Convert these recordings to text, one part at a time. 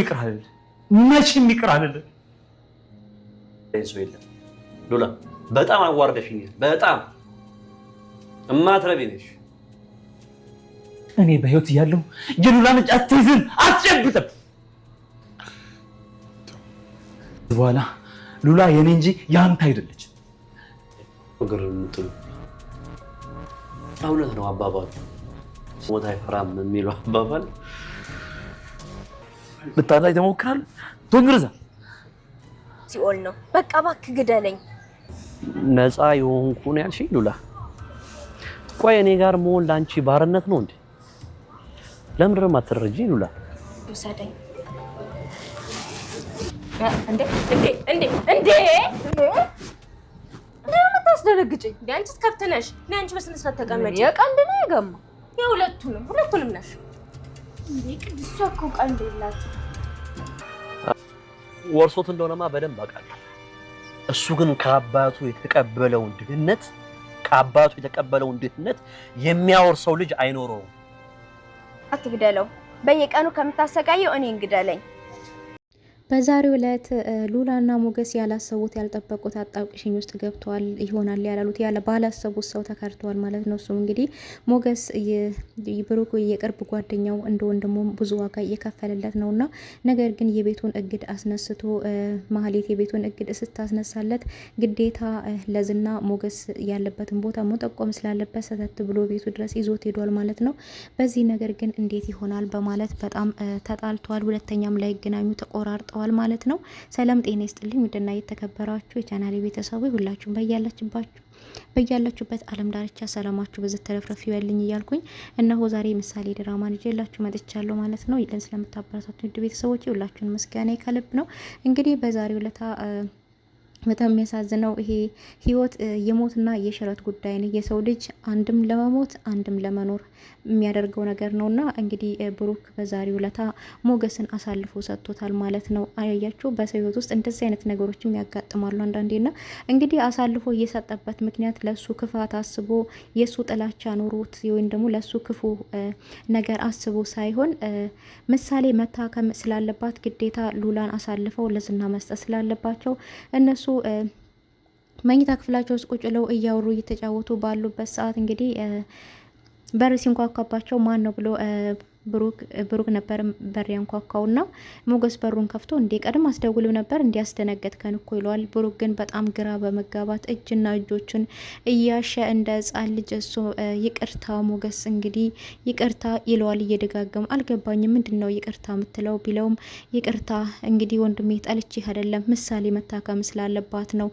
ይቅር አልል፣ መቼም ይቅር የለም ሉላ፣ በጣም አዋርደሽኛል። በጣም እማትረቢ ነሽ። እኔ በህይወት እያለሁ የሉላ እጅ አትይዝም፣ አትጨብጥም። በኋላ ሉላ የኔ እንጂ የአንተ አይደለች። እውነት ነው አባባሉ፣ ሞት አይፈራም የሚለው አባባል ልታናኝ ተሞክራል። ቶኝ ሲኦል ነው። በቃ እባክህ ግደለኝ። ነፃ የሆንኩ ነው ያልሽኝ ሉላ? ቆይ እኔ ጋር መሆን ለአንቺ ባርነት ነው እንዴ? ለምንድን ነው የማትረጂኝ ሉላ? ውሰደኝ። እንዴ እንዴ እንዴ እንዴ አንቺስ ከብት ነሽ። አንቺ በስነ ስርዓት የቀንድ ነው የገማ የሁለቱንም ሁለቱንም ነሽ ቅድስቷ እኮ ቀልድ ወርሶት እንደሆነማ በደንብ አውቃለሁ። እሱ ግን ከአባቱ የተቀበለውን ድህነት ከአባቱ የተቀበለውን ድህነት የሚያወርሰው ልጅ አይኖረውም። አትግደለው። በየቀኑ ከምታሰቃየው እኔ እንግደለኝ። በዛሬው ዕለት ሉላና ሞገስ ያላሰቡት ያልጠበቁት አጣብቂኝ ውስጥ ገብተዋል። ይሆናል ያላሉት ያለ ባላሰቡት ሰው ተከርተዋል ማለት ነው። እሱም እንግዲህ ሞገስ ብሩክ የቅርብ ጓደኛው እንደ ወንድሞ ብዙ ዋጋ እየከፈለለት ነው እና ነገር ግን የቤቱን እግድ አስነስቶ ማህሌት የቤቱን እግድ ስታስነሳለት ግዴታ ለዝና ሞገስ ያለበትን ቦታ መጠቆም ስላለበት ሰተት ብሎ ቤቱ ድረስ ይዞት ሄዷል ማለት ነው። በዚህ ነገር ግን እንዴት ይሆናል በማለት በጣም ተጣልተዋል። ሁለተኛም ላይገናኙ ተቆራርጠዋል። ተዘጋጅተዋል ማለት ነው። ሰላም ጤና ይስጥልኝ ውድና የተከበራችሁ የቻናል ቤተሰቡ ሁላችሁም በያላችሁባችሁ በያላችሁበት ዓለም ዳርቻ ሰላማችሁ በዚህ ተረፍረፍ ይበልኝ እያልኩኝ እነሆ ዛሬ ምሳሌ ድራማን ይዤላችሁ መጥቻለሁ ማለት ነው። ይህን ስለምታበረታቱ ውድ ቤተሰቦች ሁላችሁን ምስጋና ከልብ ነው። እንግዲህ በዛሬው ዕለት በጣም የሚያሳዝነው ይሄ ህይወት የሞትና የሽረት ጉዳይ ነው። የሰው ልጅ አንድም ለመሞት አንድም ለመኖር የሚያደርገው ነገር ነው እና እንግዲህ ብሩክ በዛሬው ለታ ሞገስን አሳልፎ ሰጥቶታል ማለት ነው። አያያችሁ በሰው ህይወት ውስጥ እንደዚህ አይነት ነገሮችም ያጋጥማሉ አንዳንዴ ና እንግዲህ አሳልፎ እየሰጠበት ምክንያት ለሱ ክፋት አስቦ የሱ ጥላቻ ኖሮት ወይም ደግሞ ለሱ ክፉ ነገር አስቦ ሳይሆን ምሳሌ መታከም ስላለባት ግዴታ ሉላን አሳልፈው ለዝና መስጠት ስላለባቸው እነሱ መኝታ ክፍላቸው ውስጥ ቁጭ ብለው እያወሩ እየተጫወቱ ባሉበት ሰዓት እንግዲህ በር ሲንኳኳባቸው ማን ነው ብሎ ብሩክ ነበር በር ያንኳኳው ያንኳኳውና ሞገስ በሩን ከፍቶ እንዴ ቀድም አስደውልም ነበር እንዲያስደነገጥከን ከንኮ ይለዋል። ብሩክ ግን በጣም ግራ በመጋባት እጅና እጆቹን እያሸ እንደ ሕፃን ልጅ እሱ ይቅርታ ሞገስ እንግዲህ ይቅርታ ይለዋል እየደጋገሙ አልገባኝም፣ ምንድን ነው ይቅርታ ምትለው ቢለውም ይቅርታ እንግዲህ ወንድሜ ጠልቼ አይደለም ምሳሌ መታከም ስላለባት ነው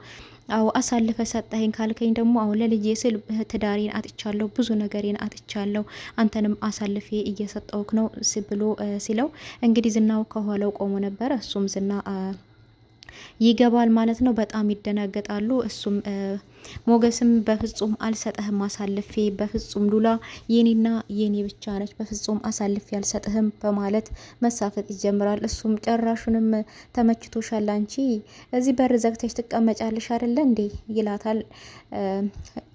አዎ አሳልፈ ሰጠኸኝ ካልከኝ ደግሞ አሁን ለልጄ ስል ትዳሬን አጥቻለሁ፣ ብዙ ነገሬን አጥቻለሁ፣ አንተንም አሳልፌ እየሰጠውክ ነው ብሎ ሲለው እንግዲህ ዝናው ከኋላው ቆሞ ነበር። እሱም ዝና ይገባል ማለት ነው። በጣም ይደነገጣሉ። እሱም ሞገስም በፍጹም አልሰጠህም አሳልፌ፣ በፍጹም ሉላ የኔና የኔ ብቻ ነች፣ በፍጹም አሳልፌ አልሰጥህም በማለት መሳፈጥ ይጀምራል። እሱም ጨራሹንም ተመችቶሻል፣ አንቺ እዚህ በር ዘግተሽ ትቀመጫለሽ አይደለ እንዴ ይላታል።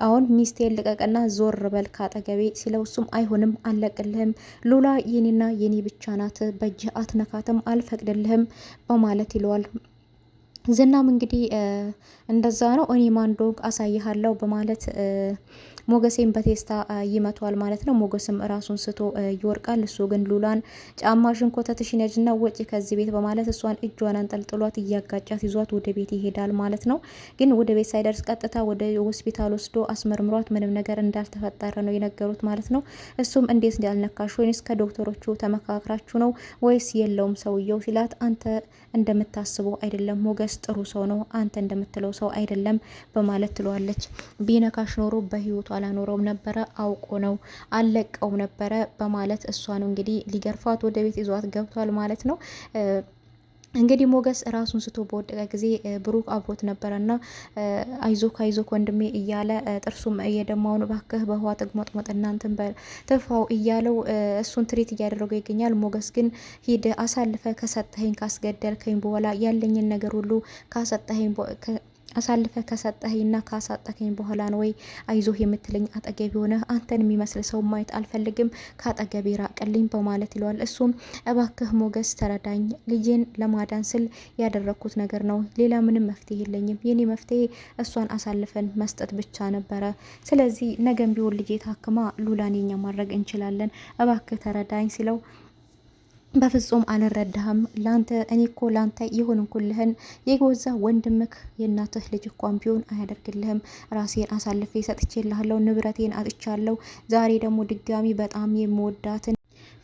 አሁን ሚስቴ ልቀቅና ዞር በል ካጠገቤ ሲለው እሱም አይሆንም፣ አልለቅልህም፣ ሉላ የኔና የኔ ብቻ ናት፣ በእጅህ አትነካትም፣ አልፈቅድልህም በማለት ይለዋል። ዝናም እንግዲህ እንደዛ ነው እኔም ማንዶግ አሳይሃለው በማለት ሞገሴን በቴስታ ይመቷል ማለት ነው። ሞገስም ራሱን ስቶ ይወርቃል። እሱ ግን ሉላን ጫማሽን ኮተትሽን ና ወጪ ከዚህ ቤት በማለት እሷን እጇን አንጠልጥሏት እያጋጫት ይዟት ወደ ቤት ይሄዳል ማለት ነው። ግን ወደ ቤት ሳይደርስ ቀጥታ ወደ ሆስፒታል ወስዶ አስመርምሯት ምንም ነገር እንዳልተፈጠረ ነው የነገሩት ማለት ነው። እሱም እንዴት እንዳልነካሽ ወይስ ከዶክተሮቹ ተመካክራችሁ ነው ወይስ የለውም ሰውየው ሲላት አንተ እንደምታስበው አይደለም፣ ሞገስ ጥሩ ሰው ነው፣ አንተ እንደምትለው ሰው አይደለም በማለት ትለዋለች። ቢነካሽ ኖሮ በህይወቱ አላኖረውም ነበረ፣ አውቆ ነው አለቀውም ነበረ በማለት እሷ ነው እንግዲህ ሊገርፋት ወደ ቤት ይዟት ገብቷል ማለት ነው። እንግዲህ ሞገስ ራሱን ስቶ በወደቀ ጊዜ ብሩክ አብሮት ነበረና አይዞክ አይዞክ ወንድሜ እያለ ጥርሱም እየደማውን ባክህ በህዋ ጥግሞጥሞጥ እናንትን በትፋው እያለው እሱን ትሪት እያደረገው ይገኛል። ሞገስ ግን ሂድ አሳልፈ ከሰጠኸኝ ካስገደልከኝ በኋላ ያለኝን ነገር ሁሉ ካሰጠኸኝ አሳልፈ ከሰጠኸኝና ካሳጠከኝ በኋላ ነው ወይ አይዞህ የምትለኝ? አጠገቢ ሆነ አንተን የሚመስል ሰው ማየት አልፈልግም፣ ከአጠገቢ ራቅልኝ በማለት ይለዋል። እሱም እባክህ ሞገስ ተረዳኝ፣ ልጄን ለማዳን ስል ያደረግኩት ነገር ነው። ሌላ ምንም መፍትሄ የለኝም። የኔ መፍትሄ እሷን አሳልፈን መስጠት ብቻ ነበረ። ስለዚህ ነገም ቢሆን ልጄ ታክማ ሉላን የኛ ማድረግ እንችላለን። እባክህ ተረዳኝ ሲለው በፍጹም አልረዳህም። ላንተ እኔ እኮ ላንተ የሆንኩልህን የጎዛ ወንድምክ የእናትህ ልጅ እንኳን ቢሆን አያደርግልህም። ራሴን አሳልፌ ሰጥቼልሃለሁ፣ ንብረቴን አጥቻለሁ። ዛሬ ደግሞ ድጋሚ በጣም የምወዳትን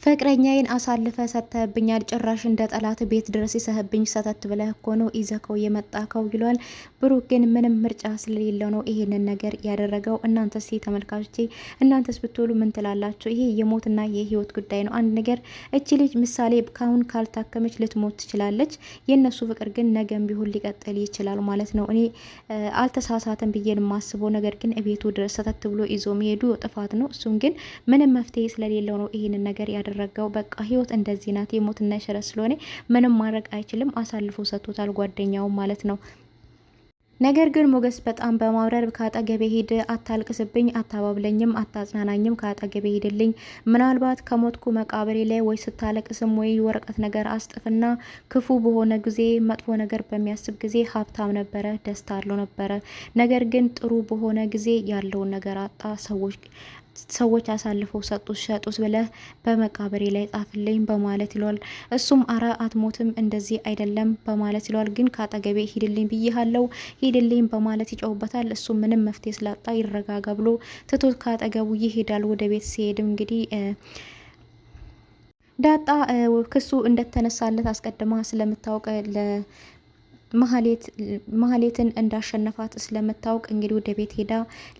ፍቅረኛዬን አሳልፈ ሰጥተብኛል ጭራሽ እንደ ጠላት ቤት ድረስ ይሰህብኝ ሰተት ብለህ እኮ ነው ይዘከው የመጣከው ይሏል። ብሩክ ግን ምንም ምርጫ ስለሌለው ነው ይሄንን ነገር ያደረገው። እናንተስ ተመልካቾቼ፣ እናንተስ ብትሉ ምን ትላላችሁ? ይሄ የሞትና የህይወት ጉዳይ ነው። አንድ ነገር እች ልጅ ምሳሌ ካሁን ካልታከመች ልትሞት ትችላለች። የእነሱ ፍቅር ግን ነገም ቢሆን ሊቀጥል ይችላል ማለት ነው። እኔ አልተሳሳተም ብዬ የማስበው ነገር ግን እቤቱ ድረስ ሰተት ብሎ ይዞ መሄዱ ጥፋት ነው። እሱም ግን ምንም መፍትሄ ስለሌለው ነው ይሄንን ነገር ያደረገው። በቃ ህይወት እንደዚህ ናት። የሞትና የሽረት ስለሆነ ምንም ማድረግ አይችልም። አሳልፎ ሰጥቶታል ጓደኛው ማለት ነው። ነገር ግን ሞገስ በጣም በማብረር ከአጠገቤ ሄድ አታልቅስብኝ፣ አታባብለኝም፣ አታጽናናኝም፣ ከአጠገቤ ሄድልኝ ምናልባት ከሞትኩ መቃብሬ ላይ ወይ ስታለቅስም ወይ ወረቀት ነገር አስጥፍና ክፉ በሆነ ጊዜ መጥፎ ነገር በሚያስብ ጊዜ ሀብታም ነበረ፣ ደስታ አለው ነበረ። ነገር ግን ጥሩ በሆነ ጊዜ ያለውን ነገር አጣ። ሰዎች ሰዎች አሳልፈው ሰጡት ሸጡት ብለህ በመቃብሬ ላይ ጻፍልኝ በማለት ይለዋል። እሱም አረ አትሞትም እንደዚህ አይደለም በማለት ይለዋል። ግን ከአጠገቤ ሂድልኝ ብይሃለው ሂድልኝ በማለት ይጨውበታል። እሱ ምንም መፍትሄ ስላጣ ይረጋጋ ብሎ ትቶት ከአጠገቡ ይሄዳል። ወደ ቤት ሲሄድም እንግዲህ ዳጣ ክሱ እንደተነሳለት አስቀድማ ስለምታውቅ መሀሌትን እንዳሸነፋት ስለምታውቅ እንግዲህ ወደ ቤት ሄዳ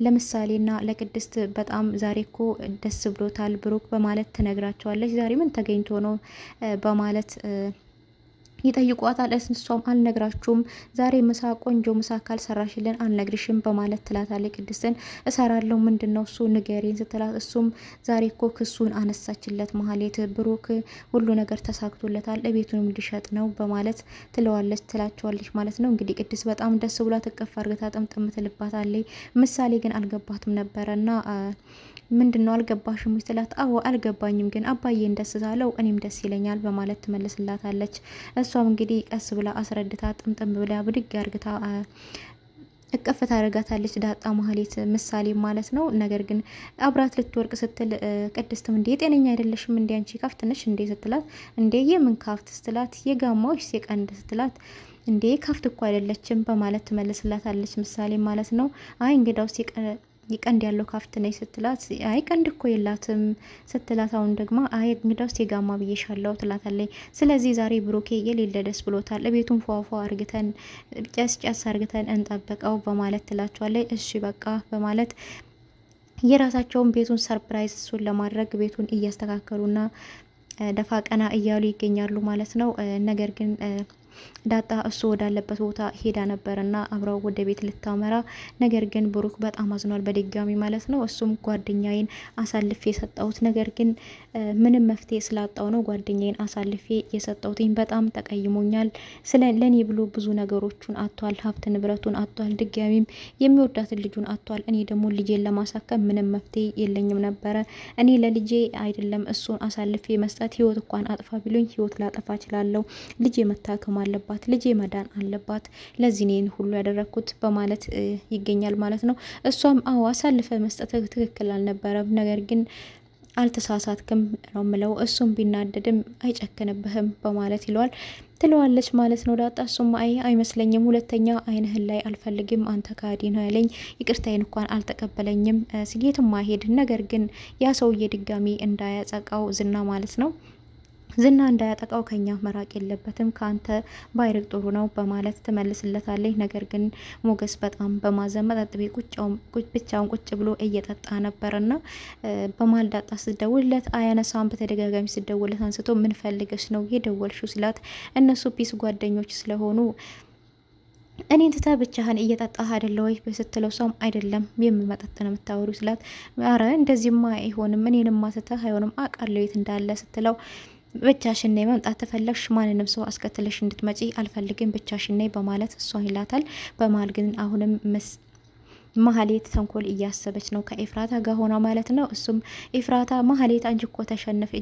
ለምሳሌና ለቅድስት በጣም ዛሬ እኮ ደስ ብሎታል ብሩክ በማለት ትነግራቸዋለች። ዛሬ ምን ተገኝቶ ነው በማለት ይጠይቋታል። እሷም አልነግራችሁም፣ ዛሬ ምሳ ቆንጆ ምሳ ካልሰራሽልን አልነግርሽም በማለት ትላታለች። ቅድስትን እሰራለሁ ምንድን ነው እሱ ንገሪን ስትላት፣ እሱም ዛሬ እኮ ክሱን አነሳችለት መሀሌት። ብሩክ ሁሉ ነገር ተሳክቶለታል፣ እቤቱንም ሊሸጥ ነው በማለት ትለዋለች ትላቸዋለች ማለት ነው። እንግዲህ ቅድስት በጣም ደስ ብሏት እቅፍ አርግታ ጥምጥም ትልባታለች። ምሳሌ ግን አልገባትም ነበረ እና ምንድን ነው አልገባሽም ወይ ስትላት፣ አዎ አልገባኝም፣ ግን አባዬ እንደስ ሳለው እኔም ደስ ይለኛል በማለት ትመልስላታለች። እሷም እንግዲህ ቀስ ብላ አስረድታ ጥምጥም ብላ ብድግ አርግታ እቅፍ ታደርጋታለች። ዳጣ ማህሌት ምሳሌ ማለት ነው። ነገር ግን አብራት ልትወርቅ ስትል ቅድስትም እንዴ ጤነኛ አይደለሽም እንዴ አንቺ ካፍት ነሽ እንዴ ስትላት፣ እንዴ የምን ካፍት ስትላት፣ የጋማዎች የቀንድ ስትላት፣ እንዴ ካፍት እኮ አይደለችም በማለት ትመልስላታለች። ምሳሌ ማለት ነው። አይ እንግዳውስ ቀንድ ያለው ካፍት ነኝ ስትላት፣ አይ ቀንድ እኮ የላትም ስትላት፣ አሁን ደግሞ አይ እንግዳውስ የጋማ ብዬሻለሁ ትላታለች። ስለዚህ ዛሬ ብሩኬ የሌለ ደስ ብሎታል። ቤቱን ፏፏ አርግተን ጨስ ጨስ አርግተን እንጠበቀው በማለት ትላቸዋለች። እሺ በቃ በማለት የራሳቸውን ቤቱን ሰርፕራይዝ እሱን ለማድረግ ቤቱን እያስተካከሉና ደፋ ቀና እያሉ ይገኛሉ ማለት ነው ነገር ግን ዳጣ እሱ ወዳለበት ቦታ ሄዳ ነበርና አብረው ወደ ቤት ልታመራ፣ ነገር ግን ብሩክ በጣም አዝኗል በድጋሚ ማለት ነው። እሱም ጓደኛዬን አሳልፌ የሰጠሁት ነገር ግን ምንም መፍትሄ ስላጣው ነው ጓደኛዬን አሳልፌ የሰጠሁትኝ። በጣም ተቀይሞኛል። ስለ ለእኔ ብሎ ብዙ ነገሮቹን አጥቷል። ሀብት ንብረቱን አጥቷል። ድጋሚም የሚወዳትን ልጁን አጥቷል። እኔ ደግሞ ልጄን ለማሳከም ምንም መፍትሄ የለኝም ነበረ። እኔ ለልጄ አይደለም እሱን አሳልፌ መስጠት ህይወት እንኳን አጥፋ ቢሉኝ ህይወት ላጠፋ እችላለሁ። ልጄ መታከማል አለባት፣ ልጄ መዳን አለባት፣ ለዚህ እኔን ሁሉ ያደረግኩት በማለት ይገኛል ማለት ነው። እሷም አዎ አሳልፈ መስጠት ትክክል አልነበረም፣ ነገር ግን አልተሳሳትክም ነው ምለው። እሱም ቢናደድም አይጨክንብህም በማለት ይለዋል ትለዋለች ማለት ነው። ዳጣ እሱም አይ አይመስለኝም፣ ሁለተኛ አይንህን ላይ አልፈልግም፣ አንተ ካዲ ነው ያለኝ፣ ይቅርታዬን እንኳን አልተቀበለኝም፣ ስጌትም አይሄድ ነገር ግን ያ ሰውዬ ድጋሚ እንዳያጸቃው ዝና ማለት ነው። ዝና እንዳያጠቃው ከኛ መራቅ የለበትም ከአንተ ባይርቅ ጥሩ ነው በማለት ትመልስለታለች። ነገር ግን ሞገስ በጣም በማዘን መጠጥ ቤት ብቻውን ቁጭ ብሎ እየጠጣ ነበርና በማልዳጣ ስደውለት አያነሳም። በተደጋጋሚ ስደውለት አንስቶ ምን ፈልገሽ ነው የደወልሽው ስላት እነሱ ፒስ ጓደኞች ስለሆኑ እኔን ትተ ብቻህን እየጠጣህ አይደለ ወይ በስትለው ሰውም አይደለም የምመጠጥ ነው የምታወሩ ስላት አረ እንደዚህማ አይሆንም እኔንማ ትተህ አይሆንም አቃለሁ የት እንዳለ ስትለው ብቻሽን ነይ መምጣት ተፈለግሽ ማንንም ሰው አስከትለሽ እንድትመጪ አልፈልግም፣ ብቻሽን ነይ በማለት እሷን ይላታል። በመሀል ግን አሁንም መሀሌት ተንኮል እያሰበች ነው ከኤፍራታ ጋር ሆና ማለት ነው። እሱም ኤፍራታ ማህሌት አንቺ እኮ ተሸነፍ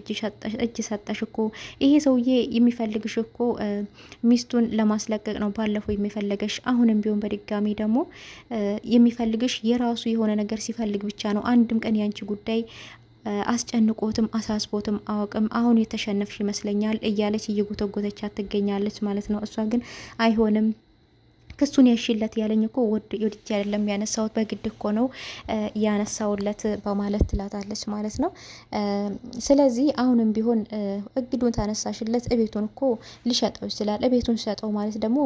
እጅ ሰጠሽ እኮ ይሄ ሰውዬ የሚፈልግሽ እኮ ሚስቱን ለማስለቀቅ ነው ባለፈው የሚፈልገሽ፣ አሁንም ቢሆን በድጋሚ ደግሞ የሚፈልግሽ የራሱ የሆነ ነገር ሲፈልግ ብቻ ነው። አንድም ቀን ያንቺ ጉዳይ አስጨንቆትም አሳስቦትም አወቅም አሁን የተሸነፍሽ ይመስለኛል እያለች እየጎተጎተቻት ትገኛለች ማለት ነው። እሷ ግን አይሆንም ክሱን ያሽለት ያለኝ እኮ ወድ ወድጄ አይደለም ያነሳሁት በግድ እኮ ነው ያነሳውለት በማለት ትላታለች ማለት ነው። ስለዚህ አሁንም ቢሆን እግዱን ታነሳሽለት እቤቱን እኮ ሊሸጠው ይችላል። እቤቱን ሸጠው ማለት ደግሞ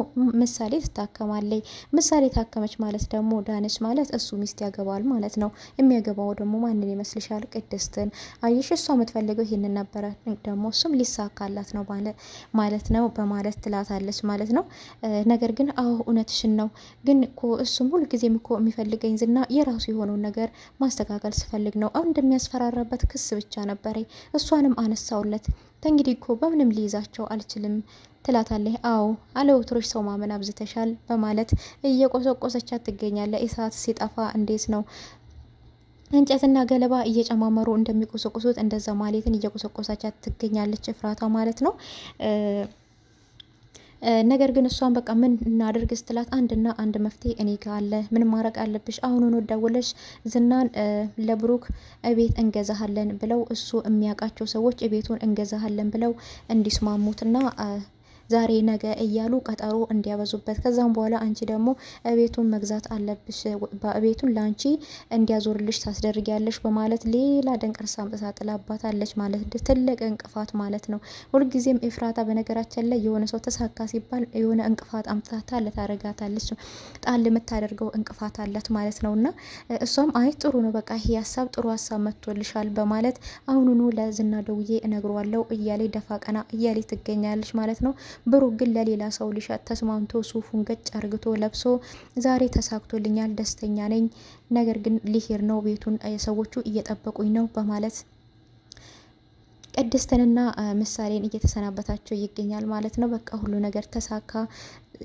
ምሳሌ ትታከማለች። ምሳሌ ታከመች ማለት ደግሞ ዳነች ማለት እሱ ሚስት ያገባል ማለት ነው። የሚያገባው ደግሞ ማንን ይመስልሻል? ቅድስትን። አየሽ እሷ የምትፈልገው ይህንን ነበረ። ደግሞ እሱም ሊሳካላት ነው ማለት ነው በማለት ትላታለች ማለት ነው። ነገር ግን አሁን እውነትሽን ነው ግን እኮ እሱም ሁልጊዜም እኮ የሚፈልገኝ ዝና የራሱ የሆነውን ነገር ማስተካከል ስፈልግ ነው። አሁን እንደሚያስፈራራበት ክስ ብቻ ነበረ። እሷንም አነሳውለት። ተንግዲህ እኮ በምንም ሊይዛቸው አልችልም ትላታለህ። አዎ አለወትሮች ሰው ማመን አብዝተሻል በማለት እየቆሰቆሰቻት ትገኛለህ። እሳት ሲጠፋ እንዴት ነው እንጨትና ገለባ እየጨማመሩ እንደሚቆሰቁሱት እንደዛ ማሌትን እየቆሰቆሰቻት ትገኛለች። እፍራታ ማለት ነው። ነገር ግን እሷን በቃ ምን እናደርግ ስትላት አንድና አንድ መፍትሄ እኔ ጋ አለ። ምን ማድረግ አለብሽ? አሁኑን ደውለሽ ዝናን ለብሩክ እቤት እንገዛሃለን ብለው እሱ የሚያውቃቸው ሰዎች እቤቱን እንገዛሃለን ብለው እንዲስማሙትና ዛሬ ነገ እያሉ ቀጠሮ እንዲያበዙበት ከዛም በኋላ አንቺ ደግሞ ቤቱን መግዛት አለብሽ ቤቱን ለአንቺ እንዲያዞርልሽ ታስደርጊያለሽ በማለት ሌላ ደንቀርሳ አምጥታ ጥላባታለች ማለት ትልቅ እንቅፋት ማለት ነው። ሁልጊዜም ኤፍራታ በነገራችን ላይ የሆነ ሰው ተሳካ ሲባል የሆነ እንቅፋት አምጥታታ ለታረጋታለች ጣል የምታደርገው እንቅፋት አላት ማለት ነው። እና እሷም አይ ጥሩ ነው በቃ ይሄ ሀሳብ ጥሩ ሀሳብ መጥቶልሻል በማለት አሁኑኑ ለዝና ደውዬ እነግሯለሁ እያሌ ደፋ ቀና እያሌ ትገኛለች ማለት ነው። ብሩክ ግን ለሌላ ሰው ሊሸጥ ተስማምቶ ሱፉን ገጭ አርግቶ ለብሶ ዛሬ ተሳክቶልኛል፣ ደስተኛ ነኝ፣ ነገር ግን ሊሄድ ነው፣ ቤቱን ሰዎቹ እየጠበቁኝ ነው በማለት ቅድስትንና ምሳሌን እየተሰናበታቸው ይገኛል ማለት ነው። በቃ ሁሉ ነገር ተሳካ፣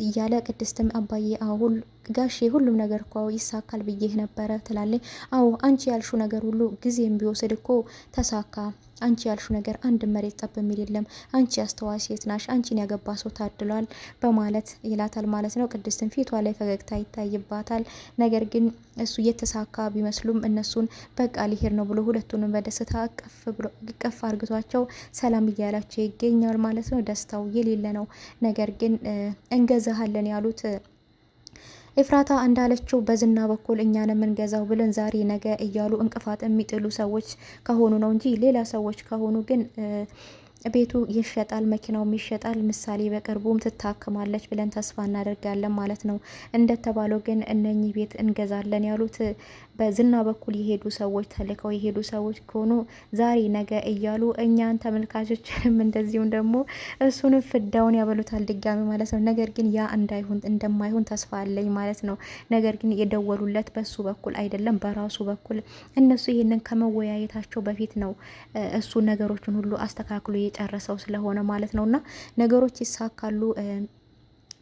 እያለ ቅድስትም አባዬ አሁን ጋሼ ሁሉም ነገር እኮ ይሳካል ብዬህ ነበረ ትላለች። አዎ አንቺ ያልሹ ነገር ሁሉ ጊዜም ቢወስድ እኮ ተሳካ። አንቺ ያልሹ ነገር አንድ መሬት ጠብ የሚል የለም። አንቺ አስተዋይ ሴት ናሽ። አንቺን ያገባ ሰው ታድሏል በማለት ይላታል ማለት ነው። ቅድስትም ፊቷ ላይ ፈገግታ ይታይባታል። ነገር ግን እሱ የተሳካ ቢመስሉም እነሱን በቃ ሊሄድ ነው ብሎ ሁለቱንም በደስታ ቀፍ አርግቷቸው ሰላም እያላቸው ይገኛል ማለት ነው። ደስታው የሌለ ነው። ነገር ግን እንገ እንገዛሃለን ያሉት ኤፍራታ እንዳለችው በዝና በኩል እኛን የምንገዛው ብለን ዛሬ ነገ እያሉ እንቅፋት የሚጥሉ ሰዎች ከሆኑ ነው እንጂ ሌላ ሰዎች ከሆኑ ግን ቤቱ ይሸጣል፣ መኪናውም ይሸጣል። ምሳሌ በቅርቡም ትታክማለች ብለን ተስፋ እናደርጋለን ማለት ነው። እንደተባለው ግን እነኚህ ቤት እንገዛለን ያሉት በዝና በኩል የሄዱ ሰዎች ተልከው የሄዱ ሰዎች ከሆኑ ዛሬ ነገ እያሉ እኛን ተመልካቾችንም እንደዚሁም ደግሞ እሱንም ፍዳውን ያበሉታል ድጋሚ ማለት ነው። ነገር ግን ያ እንዳይሆን እንደማይሆን ተስፋ አለኝ ማለት ነው። ነገር ግን የደወሉለት በሱ በኩል አይደለም፣ በራሱ በኩል እነሱ ይህንን ከመወያየታቸው በፊት ነው እሱ ነገሮችን ሁሉ አስተካክሎ የጨረሰው ስለሆነ ማለት ነው እና ነገሮች ይሳካሉ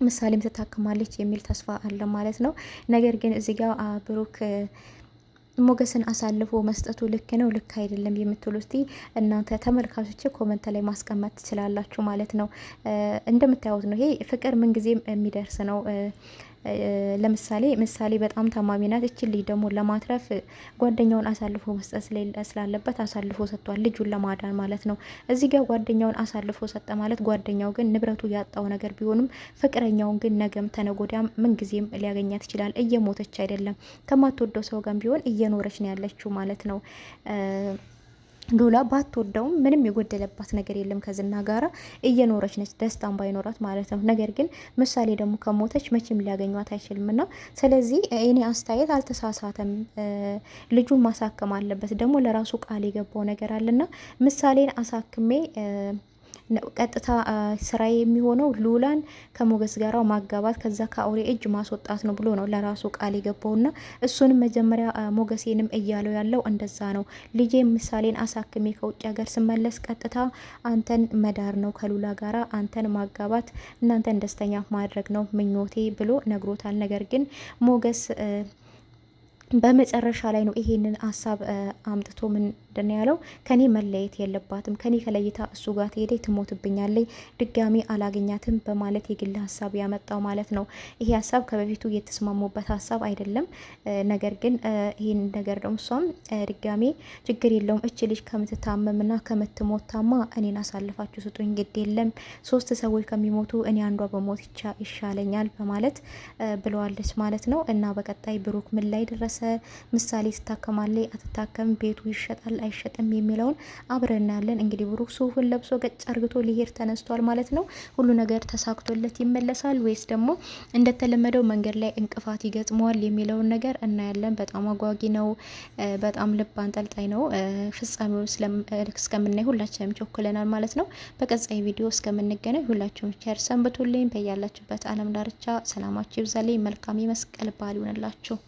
ምሳሌም ትታክማለች የሚል ተስፋ አለ ማለት ነው። ነገር ግን እዚህ ጋር ብሩክ ሞገስን አሳልፎ መስጠቱ ልክ ነው ልክ አይደለም የምትሉ እስቲ እናንተ ተመልካቾች ኮመንት ላይ ማስቀመጥ ትችላላችሁ ማለት ነው። እንደምታዩት ነው ይሄ ፍቅር ምንጊዜም የሚደርስ ነው። ለምሳሌ ምሳሌ በጣም ታማሚ ናት። እችን ልጅ ደግሞ ለማትረፍ ጓደኛውን አሳልፎ መስጠት ስላለበት አሳልፎ ሰጥቷል፣ ልጁን ለማዳን ማለት ነው። እዚህ ጋር ጓደኛውን አሳልፎ ሰጠ ማለት ጓደኛው ግን ንብረቱ ያጣው ነገር ቢሆንም ፍቅረኛውን ግን ነገም ተነጎዳም ምንጊዜም ሊያገኛት ይችላል። እየሞተች አይደለም፣ ከማትወደው ሰው ጋር ቢሆን እየኖረች ነው ያለችው ማለት ነው። ሉላ ባትወደውም ምንም የጎደለባት ነገር የለም። ከዝና ጋራ እየኖረች ነች፣ ደስታን ባይኖራት ማለት ነው። ነገር ግን ምሳሌ ደግሞ ከሞተች መቼም ሊያገኟት አይችልም እና ስለዚህ እኔ አስተያየት አልተሳሳተም። ልጁን ማሳከም አለበት። ደግሞ ለራሱ ቃል የገባው ነገር አለና ምሳሌን አሳክሜ ቀጥታ ስራ የሚሆነው ሉላን ከሞገስ ጋራ ማጋባት ከዛ ከአውሬ እጅ ማስወጣት ነው ብሎ ነው ለራሱ ቃል የገባውና እሱንም መጀመሪያ ሞገሴንም እያለው ያለው እንደዛ ነው። ልጄ ምሳሌን አሳክሜ ከውጭ ሀገር ስመለስ ቀጥታ አንተን መዳር ነው ከሉላ ጋራ አንተን ማጋባት እናንተን ደስተኛ ማድረግ ነው ምኞቴ ብሎ ነግሮታል። ነገር ግን ሞገስ በመጨረሻ ላይ ነው ይሄንን ሀሳብ አምጥቶ ምን ምንድን ነው ያለው? ከኔ መለየት የለባትም ከኔ ከለይታ እሱ ጋር ትሄደኝ ትሞትብኛለኝ፣ ድጋሚ አላገኛትም በማለት የግል ሀሳብ ያመጣው ማለት ነው። ይሄ ሀሳብ ከበፊቱ የተስማሙበት ሀሳብ አይደለም። ነገር ግን ይህን ነገር ደግሞ እሷም ድጋሜ ችግር የለውም እች ልጅ ከምትታመምና ከምትሞታማ እኔን አሳልፋችሁ ስጡኝ፣ ግድ የለም ሶስት ሰዎች ከሚሞቱ እኔ አንዷ በሞት ይሻለኛል በማለት ብለዋለች ማለት ነው። እና በቀጣይ ብሩክ ምን ላይ ደረሰ? ምሳሌ ትታከማለች አትታከም? ቤቱ ይሸጣል አይሸጥም የሚለውን አብረን እናያለን። እንግዲህ ብሩክ ሱፉን ለብሶ ገጭ አርግቶ ሊሄድ ተነስቷል ማለት ነው። ሁሉ ነገር ተሳክቶለት ይመለሳል ወይስ ደግሞ እንደተለመደው መንገድ ላይ እንቅፋት ይገጥመዋል የሚለውን ነገር እናያለን። በጣም አጓጊ ነው። በጣም ልብ አንጠልጣይ ነው። ፍጻሜው እስከምናይ ሁላችንም ቸኩለናል ማለት ነው። በቀጣይ ቪዲዮ እስከምንገናኝ ሁላችሁም ቸር ሰንብቱልኝ። በያላችሁበት አለም ዳርቻ ሰላማችሁ ይብዛልኝ። መልካም የመስቀል በዓል ይሆንላችሁ።